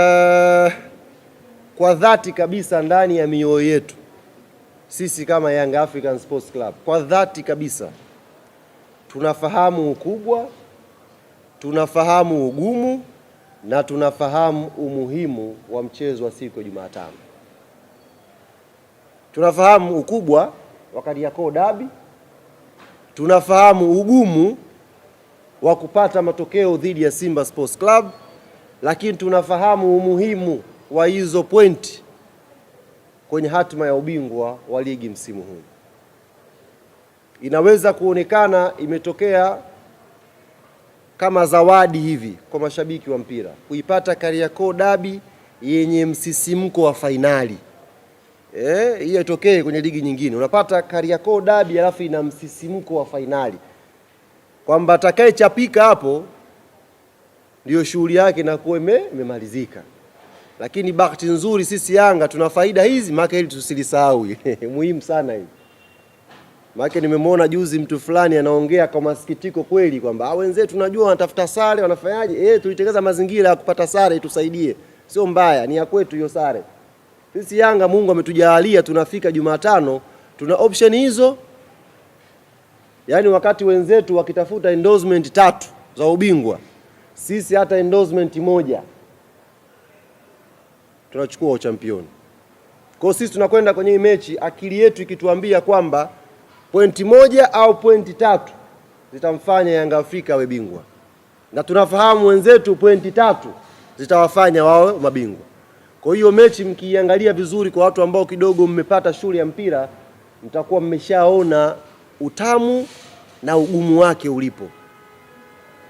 Eh, kwa dhati kabisa ndani ya mioyo yetu sisi kama Young African Sports Club, kwa dhati kabisa tunafahamu ukubwa, tunafahamu ugumu na tunafahamu umuhimu wa mchezo wa siku ya Jumatano. Tunafahamu ukubwa wa Kariakoo dabi, tunafahamu ugumu wa kupata matokeo dhidi ya Simba Sports Club lakini tunafahamu umuhimu wa hizo pointi kwenye hatima ya ubingwa wa ligi msimu huu. Inaweza kuonekana imetokea kama zawadi hivi kwa mashabiki wa mpira kuipata Kariakoo dabi yenye msisimko wa fainali eh, hiyo itokee kwenye ligi nyingine. Unapata Kariakoo dabi alafu ina msisimko wa fainali kwamba atakayechapika hapo ndiyo shughuli yake inakuwa imemalizika. Lakini bahati nzuri sisi Yanga tuna faida hizi, maka, ili tusilisahau, muhimu sana hii maka. nimemwona juzi mtu fulani anaongea kwa masikitiko kweli kwamba ah, wenzetu tunajua wanatafuta sare wanafanyaje? Eh, tulitengeza mazingira ya kupata sare itusaidie. Sio mbaya, ni ya kwetu hiyo sare. Sisi Yanga Mungu ametujalia tunafika Jumatano tuna option hizo. Yaani wakati wenzetu wakitafuta endorsement tatu za ubingwa sisi hata endorsement moja tunachukua uchampioni. Kwa sisi tunakwenda kwenye hii mechi akili yetu ikituambia kwamba pointi moja au pointi tatu zitamfanya Yanga Afrika awe bingwa, na tunafahamu wenzetu pointi tatu zitawafanya wawe mabingwa. Kwa hiyo mechi mkiiangalia vizuri, kwa watu ambao kidogo mmepata shule ya mpira, mtakuwa mmeshaona utamu na ugumu wake ulipo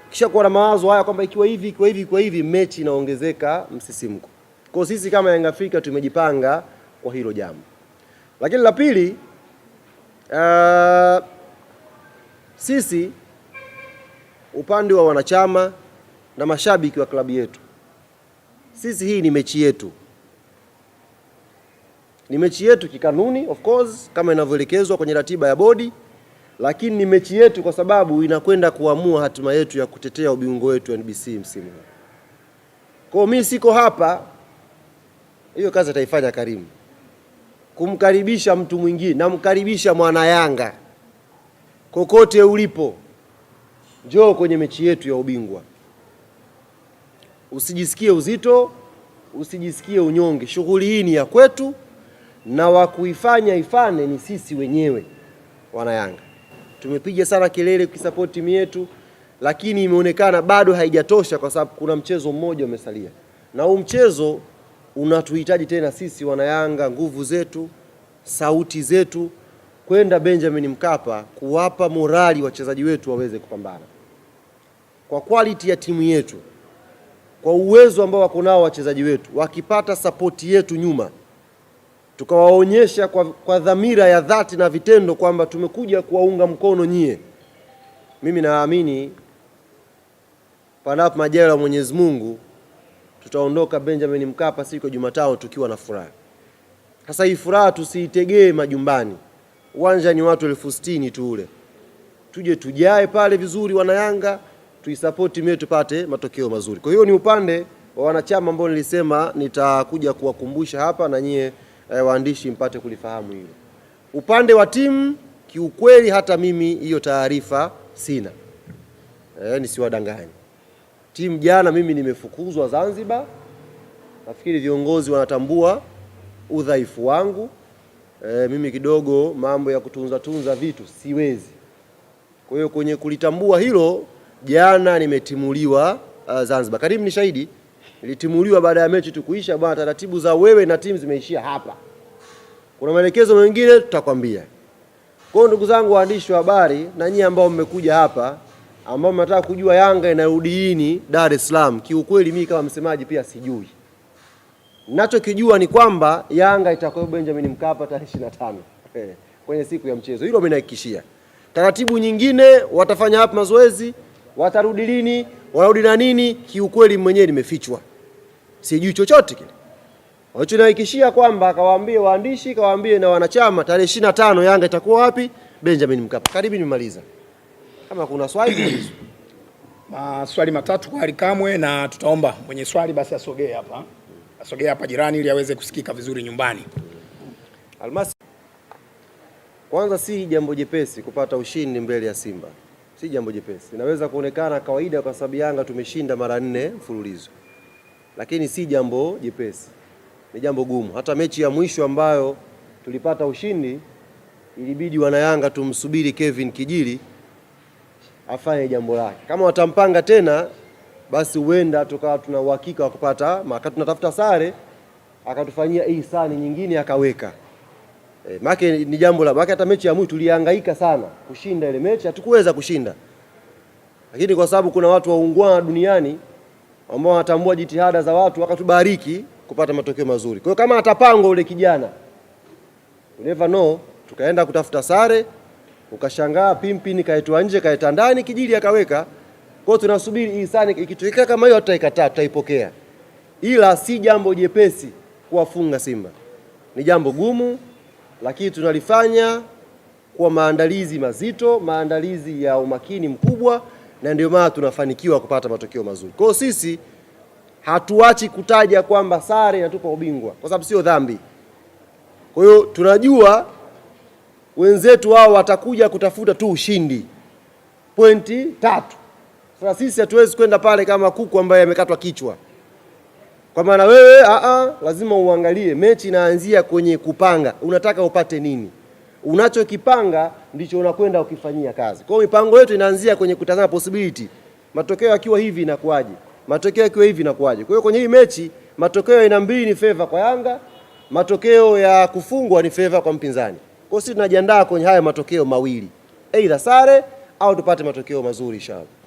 kisha kuwa na mawazo haya kwamba ikiwa hivi ikiwa hivi ikiwa hivi, mechi inaongezeka msisimko. Kwa sisi kama Yanga Afrika tumejipanga kwa hilo jambo, lakini la pili uh, sisi upande wa wanachama na mashabiki wa klabu yetu, sisi hii ni mechi yetu, ni mechi yetu kikanuni, of course, kama inavyoelekezwa kwenye ratiba ya bodi lakini ni mechi yetu kwa sababu inakwenda kuamua hatima yetu ya kutetea ubingwa wetu NBC msimu huu. Kwa mimi siko hapa, hiyo kazi ataifanya Karimu kumkaribisha mtu mwingine. Namkaribisha mwana Yanga kokote ulipo, njoo kwenye mechi yetu ya ubingwa. Usijisikie uzito, usijisikie unyonge. Shughuli hii ni ya kwetu, na wa kuifanya ifane ni sisi wenyewe wana Yanga tumepiga sana kelele kuisupport timu yetu, lakini imeonekana bado haijatosha, kwa sababu kuna mchezo mmoja umesalia, na huu mchezo unatuhitaji tena sisi wanayanga, nguvu zetu, sauti zetu, kwenda Benjamin Mkapa kuwapa morali wachezaji wetu waweze kupambana kwa quality ya timu yetu, kwa uwezo ambao wako nao wachezaji wetu, wakipata sapoti yetu nyuma tukawaonyesha kwa, kwa dhamira ya dhati na vitendo kwamba tumekuja kuwaunga mkono nyie. Mimi naamini panapo majaliwa ya Mwenyezi Mungu tutaondoka Benjamin Mkapa siku ya Jumatano tukiwa na furaha. Sasa hii furaha tusiitegee majumbani. Uwanja ni watu elfu sitini tu ule, tuje tujae pale vizuri, wanayanga tuisapoti mie tupate matokeo mazuri. Kwa hiyo ni upande wa wanachama ambao nilisema nitakuja kuwakumbusha hapa na nyie eh, waandishi mpate kulifahamu hilo. Upande wa timu kiukweli, hata mimi hiyo taarifa sina eh, nisiwadanganye. Timu jana mimi nimefukuzwa Zanzibar, nafikiri viongozi wanatambua udhaifu wangu. E, mimi kidogo mambo ya kutunza tunza vitu siwezi. Kwa hiyo kwenye kulitambua hilo, jana nimetimuliwa uh, Zanzibar. Karibu ni shahidi. Ilitimuliwa baada ya mechi tu kuisha, bwana, taratibu za wewe na timu zimeishia hapa, kuna maelekezo mengine tutakwambia. Kwa ndugu zangu waandishi wa habari na nyinyi ambao mmekuja hapa ambao mnataka kujua Yanga inarudi lini Dar es Salaam, kiukweli mimi kama msemaji pia sijui. Ninachokijua ni kwamba Yanga itakuwa Benjamin Mkapa tarehe 25 eh, kwenye siku ya mchezo. Hilo amenihakikishia. Taratibu nyingine watafanya hapa mazoezi, watarudi lini, wanarudi na nini, kiukweli mwenyewe nimefichwa sijui chochote kile. Walichonihakikishia kwamba kawaambie waandishi, kawaambie na wanachama tarehe ishirini na tano Yanga itakuwa wapi? Benjamin Mkapa. Karibu nimemaliza. Kama kuna swali maswali matatu kwa Alikamwe, na tutaomba mwenye swali basi asogee hapa, asogee hapa jirani, ili aweze kusikika vizuri nyumbani. Almasi, kwanza si jambo jepesi kupata ushindi mbele ya Simba, si jambo jepesi. Inaweza kuonekana kawaida kwa sababu Yanga tumeshinda mara nne mfululizo lakini si jambo jepesi, ni jambo gumu. Hata mechi ya mwisho ambayo tulipata ushindi, ilibidi wanayanga tumsubiri Kevin Kijili afanye jambo lake. Kama watampanga tena, basi huenda tukawa tuna uhakika wa kupata maka, tunatafuta sare akatufanyia ihsani nyingine akaweka e, make ni jambo la make. Hata mechi ya mwisho tulihangaika sana kushinda ile mechi, hatukuweza kushinda, lakini kwa sababu kuna watu waungwana duniani ambao wanatambua jitihada za watu wakatubariki kupata matokeo mazuri. Kwa hiyo kama atapangwa ule kijana, you never know, tukaenda kutafuta sare ukashangaa pimpini kaitwa nje kaita ndani kijili akaweka. Kwa hiyo tunasubiri ihsani, ikitokea kama hiyo tutaikataa, tutaipokea, ila si jambo jepesi kuwafunga Simba, ni jambo gumu, lakini tunalifanya kwa maandalizi mazito, maandalizi ya umakini mkubwa na ndio maana tunafanikiwa kupata matokeo mazuri. Kwa hiyo sisi hatuachi kutaja kwamba sare inatupa ubingwa, kwa sababu sio dhambi. Kwa hiyo tunajua wenzetu wao watakuja kutafuta tu ushindi, pointi tatu. Sasa sisi hatuwezi kwenda pale kama kuku ambaye amekatwa kichwa, kwa maana wewe a a, lazima uangalie mechi inaanzia kwenye kupanga, unataka upate nini unachokipanga ndicho unakwenda ukifanyia kazi. Kwa hiyo mipango yetu inaanzia kwenye kutazama possibility, matokeo yakiwa hivi inakuaje, matokeo yakiwa hivi inakuaje. Kwa hiyo kwenye hii mechi matokeo ya mbili ni favor kwa Yanga, matokeo ya kufungwa ni favor kwa mpinzani. Kwa hiyo sisi tunajiandaa kwenye haya matokeo mawili, aidha sare au tupate matokeo mazuri inshallah.